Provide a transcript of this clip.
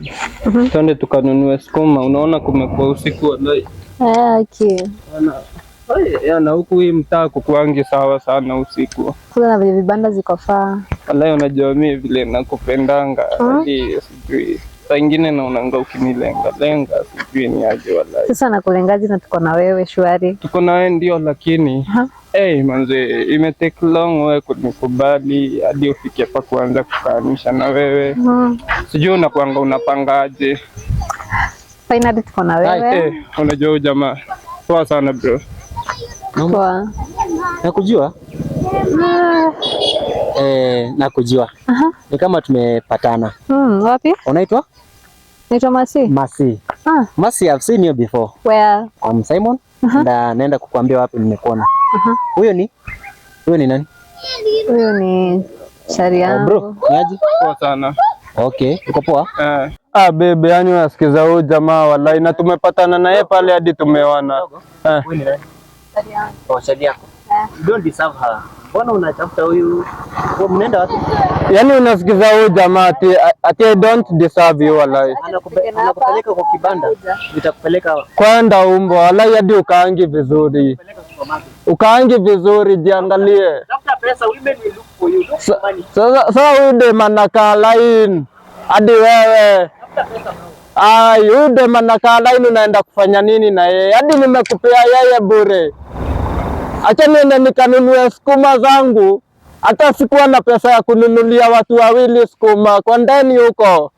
Mm-hmm. Twende tukanunue sukuma. Unaona kumekuwa usiku wallahi. Okay. na huku hii mtaa kukuangi sawa sana usiku. na vile vibanda zikofaa. Walai unajua mimi vile nakupendanga. Hmm? Sijui saa ingine naonanga ukinilenga lenga, sijui ni aje Walai Sasa na tuko na wewe shwari, tuko na wewe ndio, lakini hey, manze ime take long wewe kunikubali hadi ufike hapa kuanza kufahamisha na wewe hmm. Sijui unakwanga unapangaje? Finally tuko na wewe. Unajua jamaa poa sana bro, nakujua ah eh, na kujua Aha. Ni kama tumepatana. Mm, wapi? Unaitwa? Naitwa Masi. Masi. Ah. Masi, I've seen you before. Where? I'm Simon. Na naenda kukuambia wapi nimekuona. Aha. Huyo ni? Huyo ni nani? Huyo ni shari eh, yangu. Sharia. Bro, aje? Poa sana. Okay, uko poa? Eh. Ah, bebe, yani unasikiza huyu jamaa wallahi na tumepatana na yeye pale hadi tumeona. Eh. Huyo ni nani? Eh. Shari yangu. Oh, shari Sharia. Eh. You don't deserve her. Mbona unatafuta huyu? Mnaenda wapi? Yaani unasikiza huyu jamaa ati ati I don't deserve you walai. Anakupeleka kwa kibanda, nitakupeleka kwenda umbo walai hadi ukaangi vizuri. Ukaangi vizuri jiangalie. Tafuta pesa, women will look for you. Sasa sasa huyu dema nakaa line. Hadi wewe. ai huyu dema nakaa line unaenda kufanya nini na yeye? Hadi nimekupea yeye bure acha niende nikanunue sukuma zangu. Hata sikuwa na pesa ya kununulia watu wawili sukuma kwa ndani huko.